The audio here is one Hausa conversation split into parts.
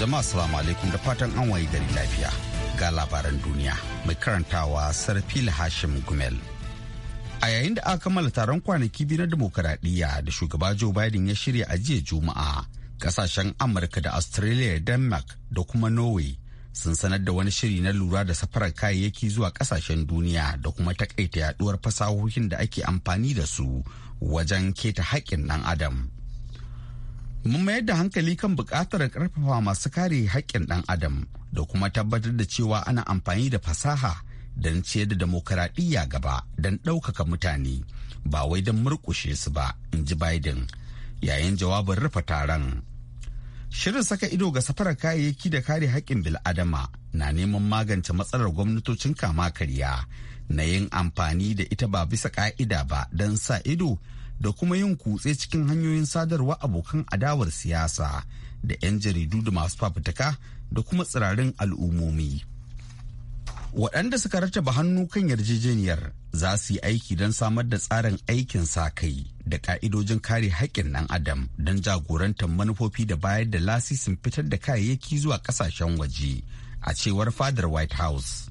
Jama'a salamu alaikum da fatan an waye gari lafiya ga labaran duniya mai karantawa Sarfil Hashim Gumel. A yayin da aka kammala taron kwanaki biyu na demokaradiyya da shugaba Joe Biden ya shirya a jiya Juma'a, kasashen Amurka da Australia Denmark da kuma Norway sun sanar da wani shiri na lura da safarar kayayyaki zuwa kasashen duniya da kuma takaita yaduwar fasahohin da ake amfani da su wajen keta haƙƙin ɗan adam mun mayar da hankali kan buƙatar ƙarfafa masu kare haƙƙin ɗan adam da kuma tabbatar da cewa ana amfani da fasaha don ciyar da demokaradiyya gaba don ɗaukaka mutane ba wai don murƙushe su ba in ji biden yayin jawabin rufe taron shirin saka ido ga safarar kayayyaki da kare haƙƙin bil'adama na neman magance matsalar gwamnatocin kama karya na yin amfani da ita ba bisa ƙa'ida ba don sa ido da kuma yin kutse cikin hanyoyin sadarwa abokan adawar siyasa da 'yan jaridu da masu fafutuka da kuma tsirarin al'ummomi. Waɗanda suka rattaba hannu kan yarjejeniyar za su yi aiki don samar da tsarin aikin sa kai da ka'idojin kare haƙƙin ɗan adam don jagorantar manufofi da bayar da lasisin fitar da kayayyaki zuwa ƙasashen waje a cewar fadar White House.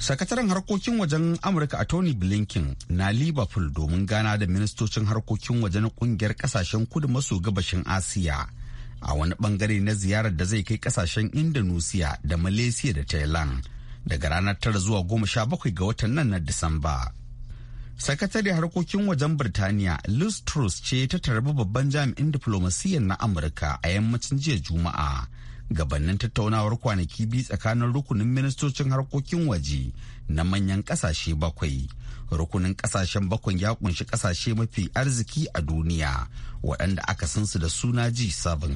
sakataren harkokin wajen amurka a tony blinken na liverpool domin gana da ministocin harkokin wajen ƙungiyar kungiyar kasashen kudu maso gabashin asiya a wani bangare na ziyarar da zai kai kasashen indonesia da malaysia da thailand daga ranar tara zuwa goma sha bakwai ga watan nan na disamba sakatare harkokin wajen birtaniya liz truss ce ta tarbi babban jami'in diflomasiyyar na amurka a yammacin jiya juma'a gabanin tattaunawar kwanaki biyu tsakanin rukunin ministocin harkokin waje na manyan kasashe bakwai rukunin kasashen bakwai ya kunshi kasashe mafi arziki a duniya waɗanda aka san su da suna g7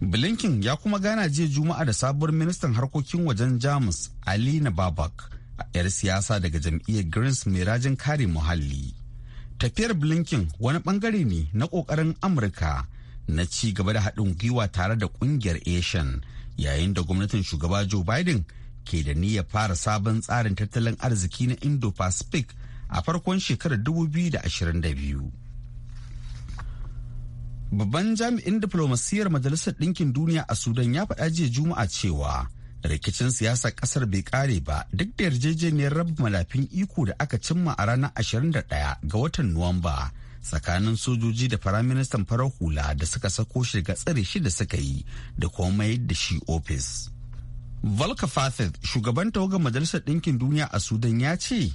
blinken ya kuma gana jiya juma'a da sabuwar ministan harkokin wajen jamus alina babak a 'yar siyasa daga jam'iyyar greens mai rajin kare muhalli tafiyar blinken wani bangare ne na kokarin amurka na ci gaba da haɗin gwiwa tare da ƙungiyar asian yayin da gwamnatin shugaba joe biden ke da niyyar fara sabon tsarin tattalin arziki na indo-pacific a farkon shekarar 2022 babban jami'in diflomasiyyar majalisar ɗinkin duniya a sudan ya faɗa jiya juma'a cewa rikicin siyasar ƙasar bai ƙare ba duk da yarjejeniyar raba malafin iko da aka cimma a ranar 21 ga watan nuwamba tsakanin sojoji da firaministan farar hula da suka sako shi ga tsare shi da suka yi da kuma mayar da shi ofis. Volker Fathet, shugaban tawagar Majalisar Ɗinkin Duniya a Sudan ya ce,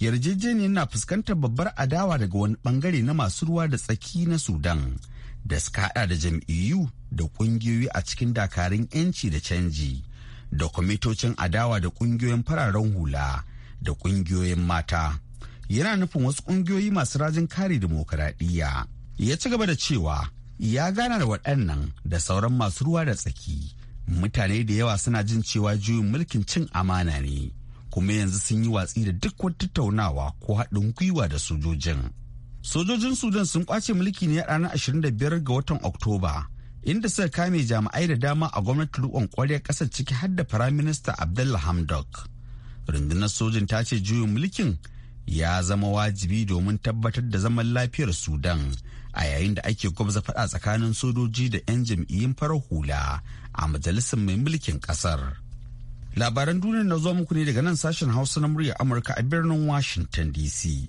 yarjejeniyar na fuskantar babbar adawa daga wani bangare na masu ruwa da tsaki na Sudan da suka haɗa da jam'iyyu da ƙungiyoyi a cikin dakarun 'yanci da canji da kwamitocin adawa da ƙungiyoyin fararen hula da ƙungiyoyin mata. yana nufin wasu ƙungiyoyi masu rajin kare dimokuraɗiyya ya ci gaba da cewa ya gana da waɗannan da sauran masu ruwa da tsaki mutane da yawa suna jin cewa juyin mulkin cin amana ne kuma yanzu sun yi watsi da duk wata tattaunawa ko haɗin gwiwa da sojojin sojojin sudan sun kwace mulki ne a ranar 25 ga watan oktoba inda suka kame jami'ai da dama a gwamnati riƙon kwarya ƙasar ciki har da firaminista abdullah hamdok rundunar sojin ta ce juyin mulkin ya zama wajibi domin tabbatar da zaman lafiyar sudan a yayin da ake gwabza faɗa tsakanin sojoji da 'yan jam'iyyun farar hula a majalisar mai mulkin ƙasar labaran duniya na zuwa muku ne daga nan sashen hausa na murya amurka a birnin washington dc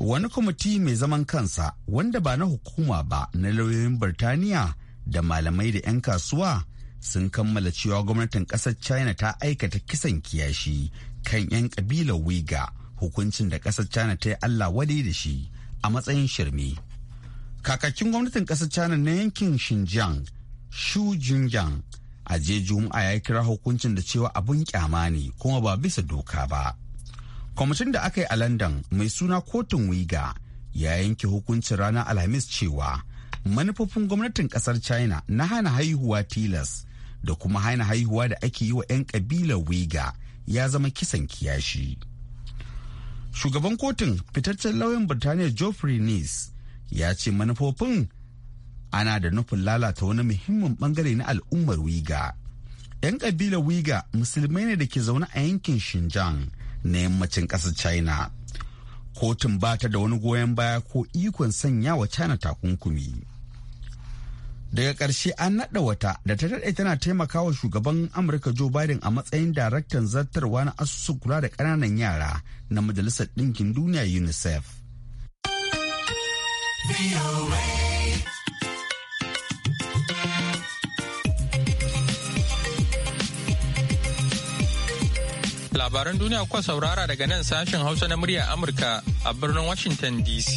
wani kwamiti mai zaman kansa wanda ba na hukuma ba na lauyoyin birtaniya da malamai da 'yan kasuwa sun kammala cewa gwamnatin ƙasar china ta aikata kisan kiyashi kan 'yan ƙabilar wiga hukuncin da ƙasar china ta yi allah wadai da shi a matsayin shirme kakakin gwamnatin ƙasar china na yankin xinjiang shu jingyang a je juma'a ya kira hukuncin da cewa abun kyama ne kuma ba bisa doka ba kwamitin da aka yi a london mai suna kotun wiga ya yanke hukuncin ranar alhamis cewa manufofin gwamnatin kasar china na hana haihuwa tilas da kuma hana haihuwa da ake yi wa 'yan kabilar wiga ya zama kisan kiyashi shugaban kotun fitaccen lauyan birtaniya geoffrey nice ya ce manufofin ana da nufin lalata wani muhimmin bangare na al'ummar wiga 'yan kabilar wiga musulmai ne da ke zaune a yankin xinjiang na yammacin ƙasar china kotun ba ta da wani goyon baya ko ikon sanya wa china takunkumi daga ƙarshe an naɗa wata da ta daɗe tana taimakawa shugaban amurka joe biden a matsayin daraktan zartarwa na asusun kula da ƙananan yara na majalisar ɗinkin duniya unicef labaran duniya kuwa saurara daga nan sashen hausa na murya amurka a birnin washington dc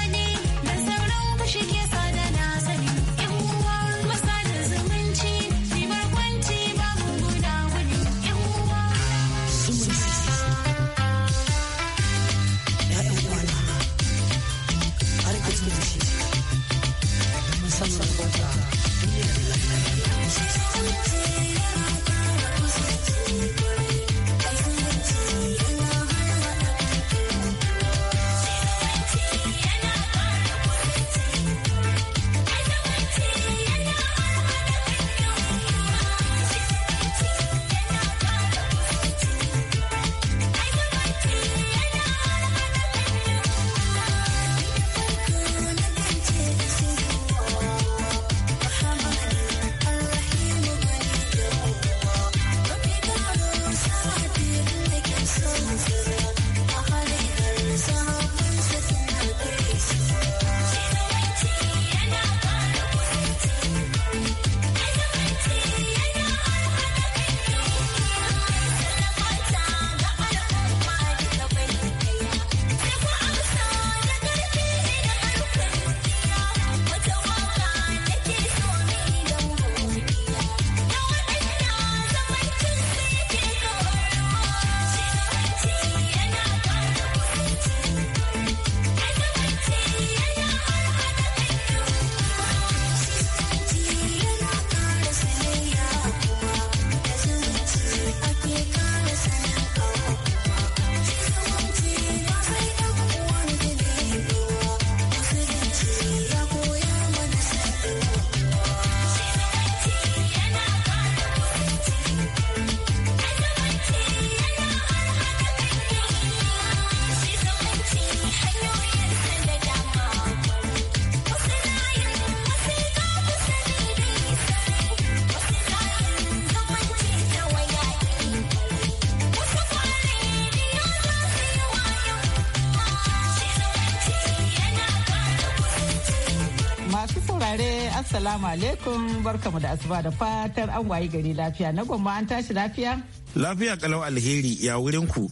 Assalamu alaikum barkamu da asuba da fatar an wayi gari lafiya na gwamma an tashi lafiya? Lafiya kalau alheri ya wurin ku.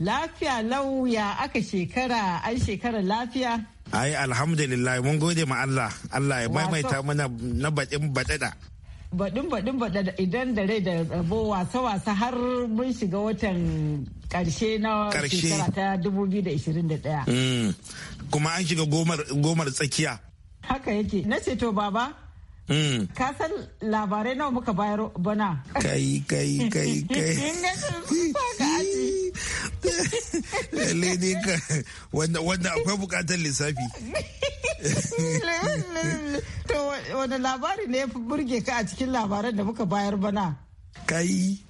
Lafiya lau ya aka shekara an shekara lafiya? Ai alhamdulillah mun gode ma Allah Allah ya maimaita mana na baɗin baɗaɗa. Baɗin baɗin baɗaɗa idan da rai da rabo wasa-wasa har mun shiga watan ƙarshe na shekara ta 2021. Mm. Kuma an shiga gomar tsakiya. Haka yake na ce to baba. Mm. Ka san labarai nawa muka bayar bana. Kai kai kai kai. Lalle ne ka wanda akwai bukatar lissafi. To wani labari ne ya fi burge ka a cikin labaran da muka bayar bana. Kai.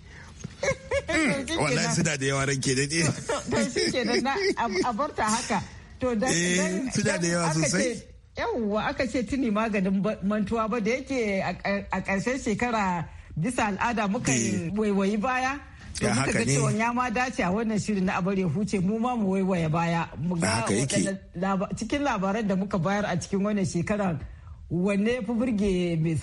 Mm, wallahi suna da yawa ranke da ne. To shi kenan a barta haka. To da eh, suna da yawa sosai. yawwa aka ce tuni maganin mantuwa ba da yake a ƙarshen shekara bisa al'ada muka eh. waiwayi baya da muka ga cewa ya ma dace a wannan shirin na abar ya huce mu ma mu waiwaye baya mu ga cikin labaran da muka bayar a cikin wannan shekara wanne ya fi burge mai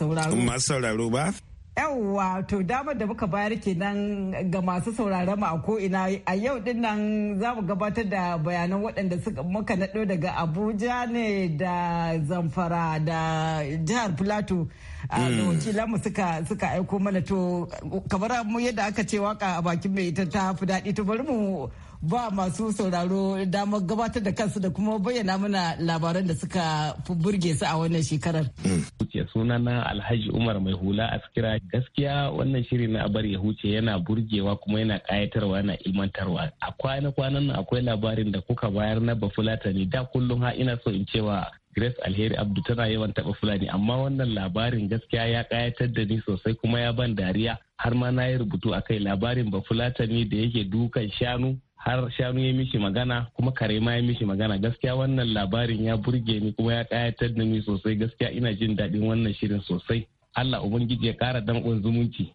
sauraro ba yawwa to damar da muka bayar kenan ga masu sauraron mu a ina a yau din nan za mu gabatar da bayanan waɗanda suka muka naɗo daga abuja ne da zamfara da jihar plateau da hmm. mu suka suka aiko mana to kamar yadda aka ce waka a bakin mai ita ta fi daɗi to bari mu ba masu sauraro damar gabatar da kansu da kuma bayyana mana labaran da suka burge su a wannan shekarar. Mm. Huce suna na Alhaji Umar mai hula a sikira gaskiya wannan shiri na abar ya huce yana burgewa kuma yana kayatarwa yana ilmantarwa. A kwana kwanan nan akwai labarin da kuka bayar na bafulata ne da kullum ha ina so in cewa Grace Alheri Abdu tana yawan taɓa Fulani amma wannan labarin gaskiya ya ƙayatar da ni sosai kuma ya ban dariya har ma na yi rubutu a kai labarin Bafulatani da yake dukan shanu har shanu ya mishi magana kuma kare ma ya mishi magana gaskiya wannan labarin ya burge ni kuma ya kayatar da ni sosai gaskiya ina jin daɗin wannan shirin sosai Allah ubangiji ya ƙara danƙon zumunci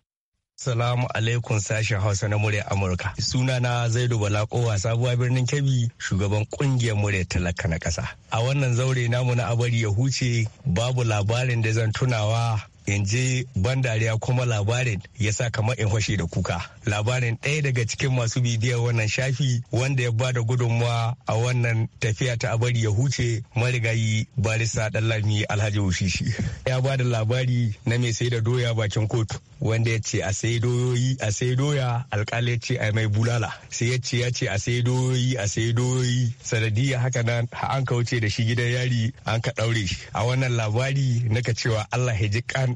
Salamu alaikum sashen Hausa na murya Amurka. Sunana Zaidu Balakowa sabuwa birnin Kebbi shugaban ƙungiyar murya talaka na ƙasa. A wannan zaure namu na abari ya huce babu labarin da zan tunawa in ji ban dariya kuma labarin ya sa kamar in fashe da kuka labarin ɗaya daga cikin masu bidiyar wannan shafi wanda ya bada gudunmawa a wannan tafiya ta abari ya huce marigayi barista ɗanlami alhaji ushishi ya bada labari na mai sai da doya bakin kotu wanda ya ce a sai doyoyi a sai doya alkali ya ce a mai bulala sai ya ce ya ce a sai doyoyi a sai doyoyi sanadiyya haka nan an kauce da shi gidan yari an ka ɗaure shi a wannan labari naka cewa allah ya ji kan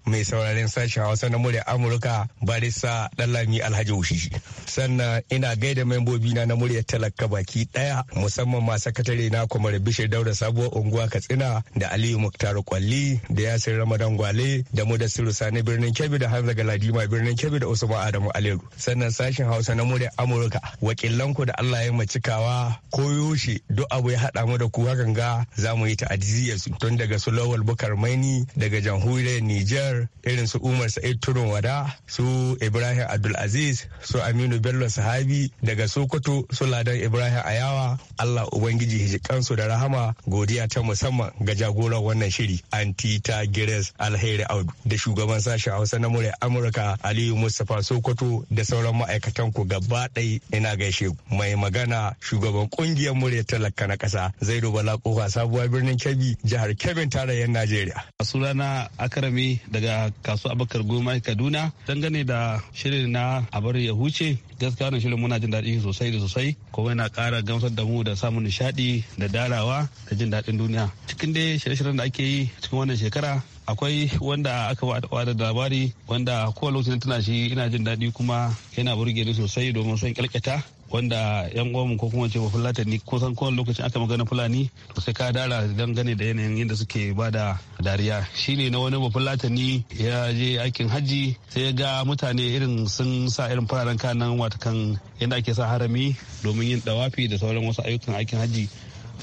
mai sauraren sashen hausa na murya amurka barisa ɗanlami alhaji ushishi sannan ina gaida membobi na na murya talaka baki ɗaya musamman ma sakatare na kwamar bishir daura sabuwar unguwa katsina da aliyu muktar kwalli da yasir ramadan gwale da mudassiru sani birnin kebbi da hanza galadima birnin kebbi da usman adamu aliru sannan sashen hausa na muryar amurka wakilanku da allah ya cikawa ko koyaushe duk abu ya haɗa mu da ku hakan ga za mu yi ta'aziyyar tun daga su lawal bukar maini daga jamhuriyar niger Nijar irin su Umar Sa'id Turun Wada, su Ibrahim Abdulaziz, su Aminu Bello Sahabi daga Sokoto, su Ladan Ibrahim Ayawa, Allah Ubangiji kansu da rahama godiya ta musamman ga jagoran wannan shiri Antita Gires Alheri Audu da shugaban sashen Hausa na murya Amurka Aliyu Mustapha Sokoto da sauran ma'aikatan ku gaba ɗai ina gaishe mai magana shugaban kungiyar murya talaka na ƙasa Zaidu Bala Kofa sabuwar birnin Kebbi jihar Kebbi tarayyar Najeriya. Sunana Akarami da daga kasuwa abakar goma kaduna dangane da shirin na abar ya huce gaskiya wannan shirin muna jin daɗi sosai da sosai kuma yana kara gamsar da mu da samun nishaɗi da darawa da jin daɗin duniya cikin dai shirye-shiryen da ake yi cikin wannan shekara akwai wanda aka wada da labari wanda kowa lokacin tana shi ina jin daɗi kuma yana burge ni sosai domin son kyalkyata wanda yan uwanmu ko kuma ce ba ni ko san kowane lokacin aka magana fulani to sai ka dara dangane da yanayin yadda suke ba da dariya shine na wani ba ni ya je aikin hajji sai ga mutane irin sun sa irin fararen kanan watakan yadda ake sa harami domin yin dawafi da sauran wasu ayyukan aikin hajji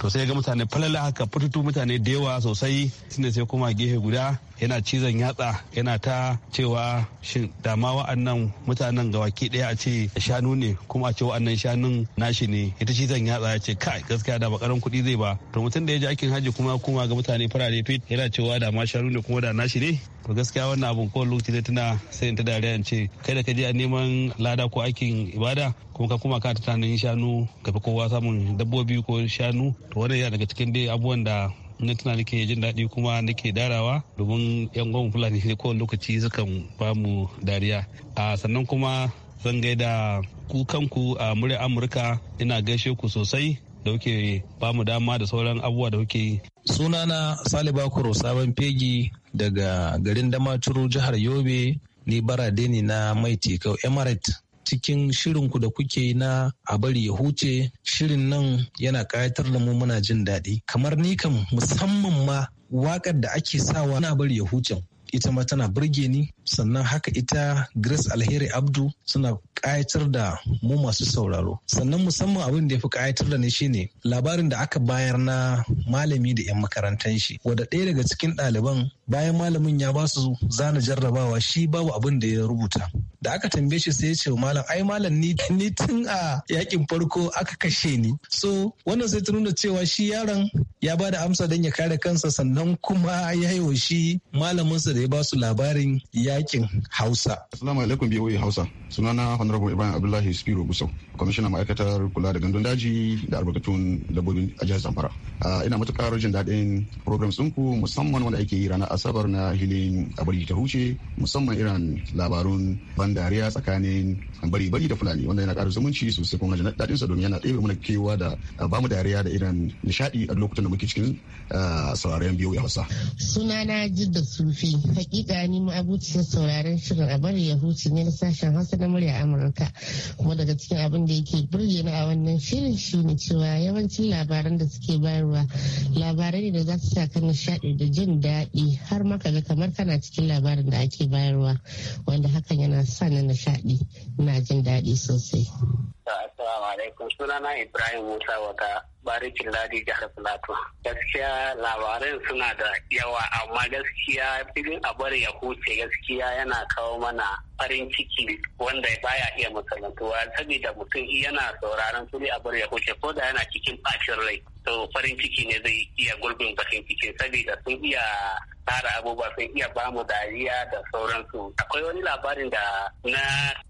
to sai ga mutane falala haka fututu mutane da yawa sosai tunda sai kuma gefe guda yana cizon yatsa yana ta cewa shin dama wa'annan mutanen gawaki ɗaya a ce shanu ne kuma a ce wa'annan shanun nashi ne ita cizon yatsa ya ce kai gaskiya da bakarin kuɗi zai ba to mutum da ya ji aikin hajji kuma kuma ga mutane farare fit yana cewa da ma shanu ne kuma da nashi ne to gaskiya wannan abun ko lokaci zai tana sai ta dariya ce kai ka je a neman lada ko aikin ibada kuma ka kuma ka tunanin shanu ka kowa samun dabbobi ko shanu to wannan yana daga cikin dai abubuwan da na tuna nake jin daɗi kuma nake darawa domin yan gwamnan fulani ne kowane lokaci sukan bamu dariya a sannan kuma zan gaida kukanku a murya amurka ina gaishe ku sosai da kuke ba mu dama da sauran abubuwa da kuke yi sunana saliba kuro sabon fegi daga garin damaturu jihar yobe ni barade ne na mai tekau emirate cikin shirinku da kuke na a bari ya huce shirin nan yana kayatar da mu muna jin daɗi kamar ni kam musamman ma waƙar da ake sawa na bari ya huce ita ma tana burge ni sannan haka ita grace alheri abdu suna ƙayatar da mu masu sauraro sannan musamman abin da ya fi kayatar da ni shine labarin da aka bayar na malami da 'yan makarantar shi wadda ɗaya daga cikin ɗaliban bayan malamin ya basu su zana jarrabawa shi babu abin da ya rubuta da aka tambaye shi sai ya ce malam ai malam ni ni tun a yakin farko aka kashe ni so wannan sai ta nuna cewa shi yaron ya ba da amsa don ya kare kansa sannan kuma ya yi shi malaminsa da ya ba su labarin yakin hausa assalamu alaikum biyo hausa sunana honorable ibrahim abdullahi spiro buso kwamishinan ma'aikatar kula da gandun daji da albarkatun dabbobin a jihar zamfara ina matukar jin daɗin program ɗinku musamman wanda ake yi ranar asabar na hilin abari ta huce musamman irin labarun ban ban dariya tsakanin bari-bari da fulani wanda yana ƙara zumunci sosai kuma jana daɗinsa domin yana ɗaya mana kewa da ba mu dariya da irin nishaɗi a lokutan da muke cikin sauraren biyu ya hausa. sunana jidda sufi hakika ni ma abuciyar sauraren shirin a bari ya huce ne na sashen hausa na murya amurka kuma daga cikin abin da yake burge ni a wannan shirin shine cewa yawancin labaran da suke bayarwa labarai ne da za su sa ka nishaɗi da jin daɗi ma kaga kamar kana cikin labarin da ake bayarwa wanda hakan yana sa na nishaɗi na jin daɗi sosai. Assalamu alaikum sunana Ibrahim Musa waka barikin ladi jihar Filato. Gaskiya labaran suna da yawa amma gaskiya filin a bari ya huce gaskiya yana kawo mana farin ciki wanda baya iya misalantuwa saboda mutum yana sauraron fili a bar ya huce ko da yana cikin bacin rai to farin ciki ne zai iya gurbin bakin ciki saboda sun iya tsara abubuwa sun iya ba mu dariya da sauransu akwai wani labarin da na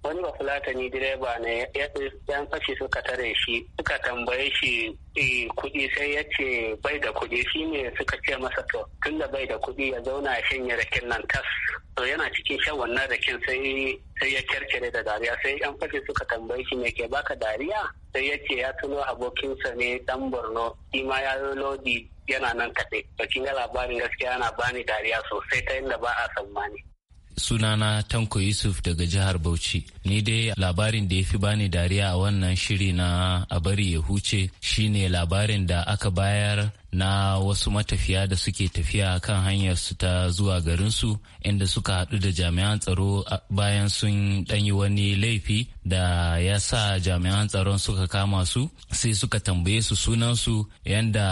wani bafulatani direba ne yan fashi suka tare shi suka tambaye shi eh, kuɗi sai ya ce bai da kuɗi shi ne suka ce masa to tun da bai da kuɗi ya zauna a shanye rakin nan tas to yana cikin shan wannan rakin sai sai ya kyarkire da dariya sai yan fashi suka tambaye shi me ke baka dariya sai ya ce ya tuno abokinsa ne dan borno shi ma ya lodi yana nan kaɗai ba kin ga labarin gaskiya yana bani dariya sosai ta inda ba a tsammani sunana tanko yusuf daga jihar bauchi ni dai labarin da ya fi bani dariya a wannan shiri na a bari ya huce shine labarin da aka bayar na wasu matafiya da suke tafiya kan hanyar su ta zuwa garinsu inda suka haɗu da jami'an tsaro bayan sun ɗanyi wani laifi da ya sa jami'an tsaron suka kama su sai suka tambaye su sunansu yanda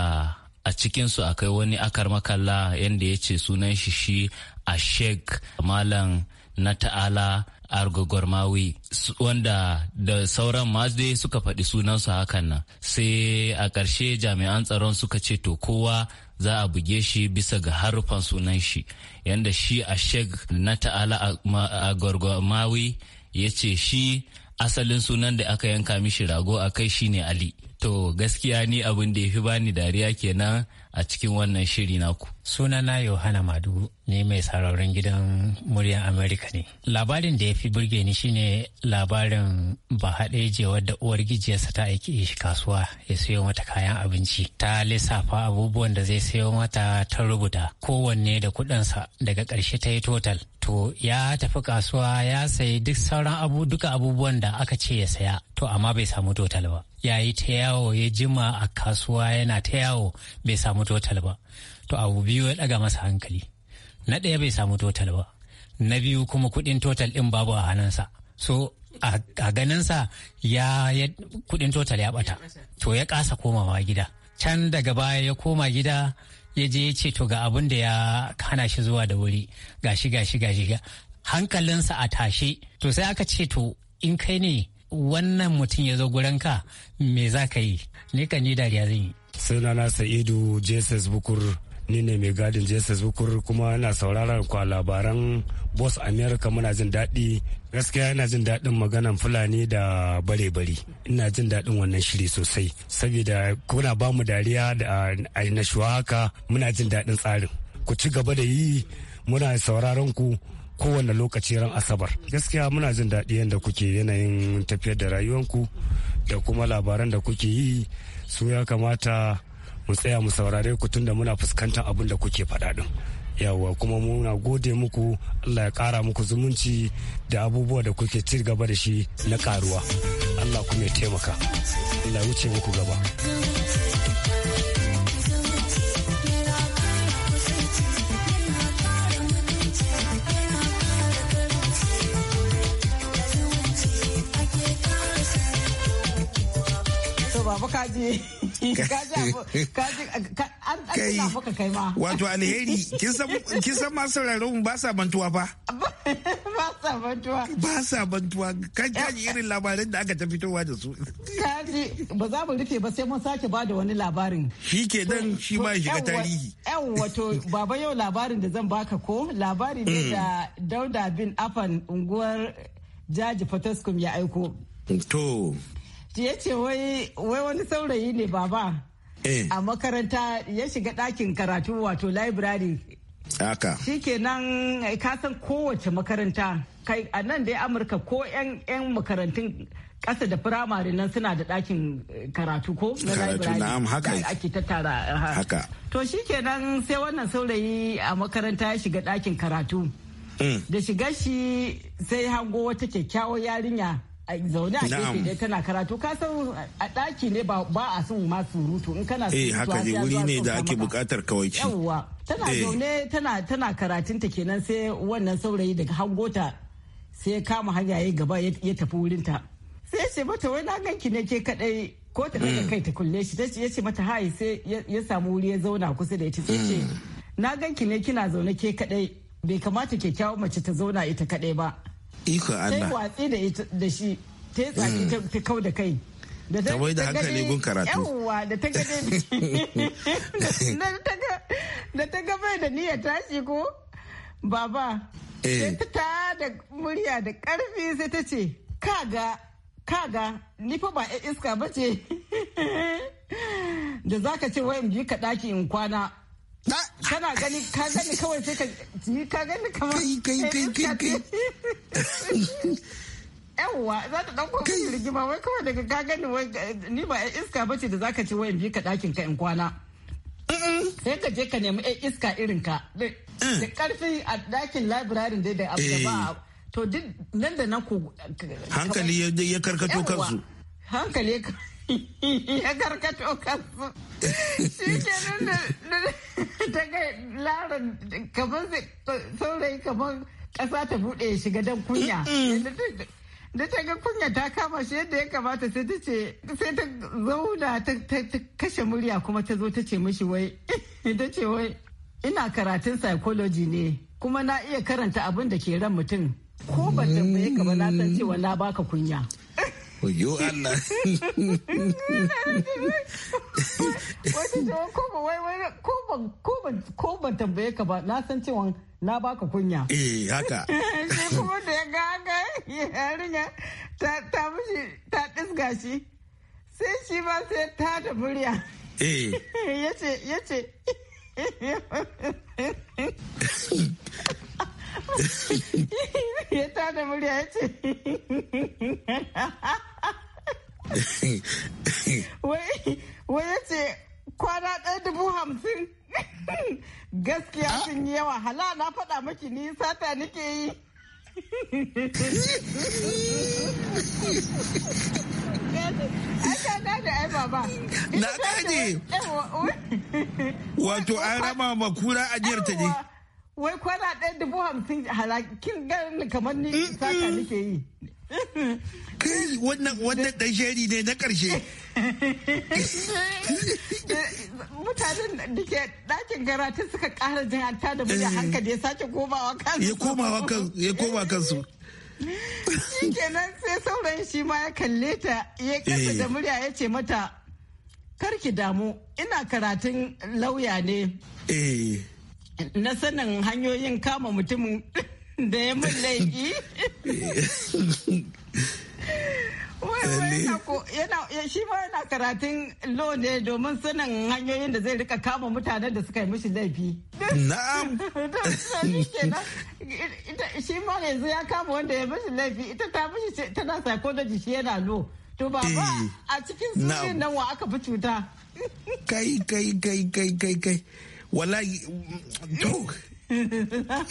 a cikinsu akwai wani akar makalla yadda ya ce sunan shi shi a sheik malam na ta'ala argogormawi wanda da sauran dai suka faɗi sunansu hakan nan sai a ƙarshe jami'an tsaron suka ce to kowa za a buge shi bisa ga harufan sunan shi yadda shi a sheik na ta'ala a ya ce shi asalin sunan da aka yanka mishi rago a kai shine ali to gaskiya ni abin da ya fi bani dariya kenan a cikin wannan shiri naku. Sunana Yohana Madugu ne mai sararin gidan muryar Amerika ne. Labarin da ya fi burge ni shine labarin bahaɗeje wadda uwar gijiyarsa ta aiki shi kasuwa ya sayo mata kayan abinci. Ta lissafa abubuwan da zai sayo mata ta rubuta kowanne da kuɗinsa daga ƙarshe ta yi total. To ya tafi kasuwa ya sayi duk sauran abu duka abubuwan da aka ce ya saya to amma bai samu total ba. ya yi ta yawo ya jima a kasuwa yana ta yawo bai samu total ba to abu biyu ya daga masa hankali na ɗaya bai samu total ba na biyu kuma kuɗin total ɗin babu a hannunsa so a ganinsa ya kuɗin total ya ɓata to ya ƙasa komawa gida can daga baya ya koma gida ya je ya ce to ga abin da ya hana shi zuwa da wuri gashi gashi gashi hankalinsa a tashe to sai aka ce to in kai ne wannan mutum ya zo ka me za ka yi ni kan yi dariya zan yi sunana sa'idu jesus bukur ni ne mai gadin jesus bukur kuma ina sauraron kwa labaran boss america muna jin daɗi gaskiya ina jin daɗin maganan fulani da bare-bare ina jin daɗin wannan shiri sosai saboda kuna ba mu dariya da ainihin haka muna jin daɗin tsarin ku ci gaba da yi muna sauraron ku kowane lokaci ran asabar gaskiya muna jin daɗi yadda kuke yanayin tafiyar da rayuwanku da kuma labaran da kuke yi su ya kamata mu tsaya mu saurare ku tunda muna fuskantar abin da kuke faɗa ɗin yawa kuma muna gode muku allah ya ƙara muku zumunci da abubuwa da kuke ci gaba da shi na ƙaruwa allah kuma ya taimaka allah ya wuce muku gaba abu kaji kaji an ka kai ma wato alheri kin san masu rarrun ba sa bantuwa fa ba sa bantuwa ba sa bantuwa kan kaji irin labarin da aka ta fitowa da su kaji ba za mu rufe ba sai mun sake ba da wani labarin shi ke dan shi ma shiga tarihi yan wato baba yau labarin da zan baka ko labari ne mm. da dauda bin afan unguwar jaji fataskum ya aiko To. ya ce wai wani saurayi ne baba eh. a makaranta ya shiga ɗakin karatu wato library haka shikenan ka san kowace makaranta kai a nan dai amurka ko 'yan makarantun kasa da firamare nan suna da ɗakin eh, karatu ko na library haka ake tattara haka to shikenan sai wannan saurayi a makaranta ya shiga ɗakin karatu mm. da shiga shi sai hango wata kyakkyawar yarinya zaune a gefe dai tana karatu ka san a ɗaki ne ba a son ma surutu in kana eh, surutu eh haka ne wuri ne da ake kawai kawaici yawwa tana zaune tana tana ta kenan sai wannan saurayi daga hangota sai kama hanya ya gaba ya tafi wurinta sai ce mata wai na ganki ne ke kadai ko ta daga mm. kai ta kulle shi sai ya ce mata hai sai ya samu wuri ya zauna kusa da ita sai ce mm. na ganki ne kina zaune ke kadai bai kamata kyakkyawan mace ta zauna ita kadai ba Iko Allah. Sai watsi da shi ta yi tsaki mm. ta kau da kai. da ta wai da hankali gun karatu yawwa da ta gade da ta ga da niyyar tashi ko baba eh. sai ta da murya da karfi sai ta ce kaga kaga ni fa ba yan iska ba ce da za ka ce wayan bi ka daki in kwana kana gani ka gani kawai sai ka ji, ka gani kamar kai kai kai kai yawwa za ta ɗauko musu rigima wai kawai daga ka gani ni ba iska ba bace da zaka ce wai in je ka ɗakin ka in kwana sai ka je ka nemi iska irin ka da karfi mm. a dakin labirarin dai da abu da ba eh. to duk nan da nan ku hankali ya karkato kansu hankali ya karkato kansu shi ke nan da daga larin kamar saurayi kamar ƙasa ta buɗe ya shiga dan kunya. da ta ga kunya ta kama shi yadda ya kamata sai ta ce sai ta zauna ta kashe murya kuma ta zo ta ce mishi wai ta ce wai ina karatun psychology ne kuma na iya karanta abin da ke ran mutum ko ban da ka ba na san cewa na baka kunya Oyo Allah. Ko tambaye ka ba, na san cewa na baka kunya. Eh, kuma da ya ga haka ta mishi ta shi. Sai shi ba sai ta da yace. ya ta da murya ya ce wai ya ce kwana ɗaya dubu hamsin gaskiya sun yi yawa hala na faɗa maki ni sata nake yi Na gane wato an rama makura ajiyar ta ne. wai kwana ɗaya dubu hamsin halakin ganin kamar ni saka nake yi kai wannan wannan dan shari ne na ƙarshe mutanen da ke ɗakin garatu suka ƙara jin hanta da murya eh. hankali ya sake komawa kansu ya komawa kansu ya koma kansu shi kenan sai sauran shi ma ya kalle ta ya kasa da eh. murya ya ce mata karki damu ina karatun lauya ne eh na sanin hanyoyin kama mutumin da ya mun laifi shi ma yana karatun lo ne domin sanin hanyoyin da zai rika kama mutanen da suka yi mishi laifi. Na'am. Shi ma yanzu ya kama wanda ya mishi laifi ita ta mishi tana psychology shi yana lo. To ba eh, a cikin sujin nan wa aka fi cuta. Kai kai kai kai kai kai. wallahi to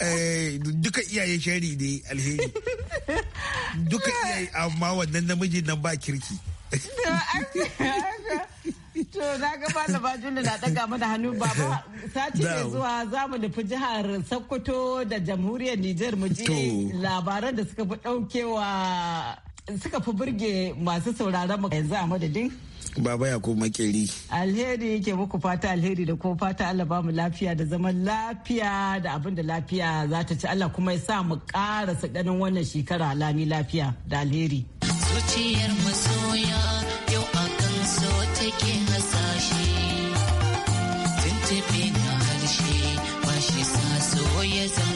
eh, duka iyaye shari ne alheri duka iyaye amma wannan namijin nan ba kirki To na ga malama Jule na daga mana hannu ba sati mai zuwa za mu nufi jihar Sokoto da jamhuriyar Nijar mu ji labaran da suka fi daukewa suka fi burge masu sauraron mu yanzu a madadin. Baba ya Yakubu Makeri. Alheri yake muku fata alheri da kuma fata Allah ba mu lafiya da zaman lafiya da abin da lafiya za ta ci Allah kuma ya sa mu karasa ɗanin wannan shekara lami lafiya da alheri. Zuciyar masoya yau akan so take hasashe. Tuntube na harshe ba shi sa ya zama.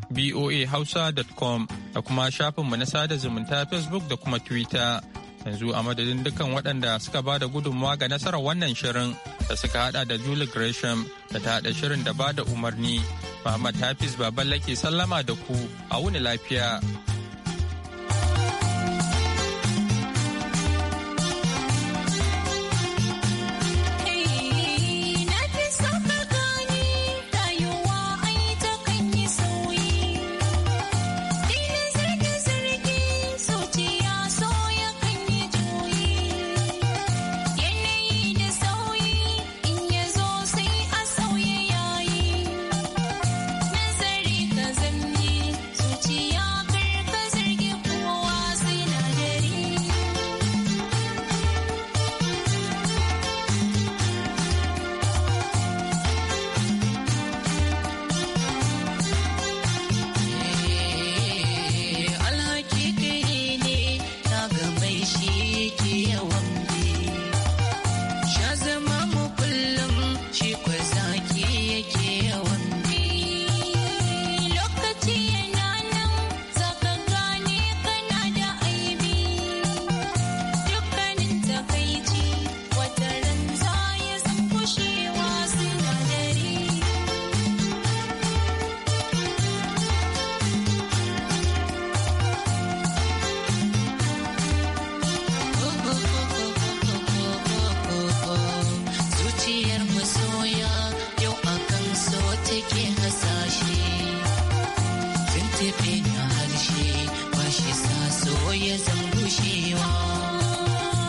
voahausa.com da kuma shafinmu na sada zumunta facebook da kuma twitter yanzu a madadin dukkan waɗanda suka ba da gudunmawa ga nasarar wannan shirin da suka hada da julie gresham da ta haɗa shirin da ba da umarni muhammad hafiz ke sallama da ku a wuni lafiya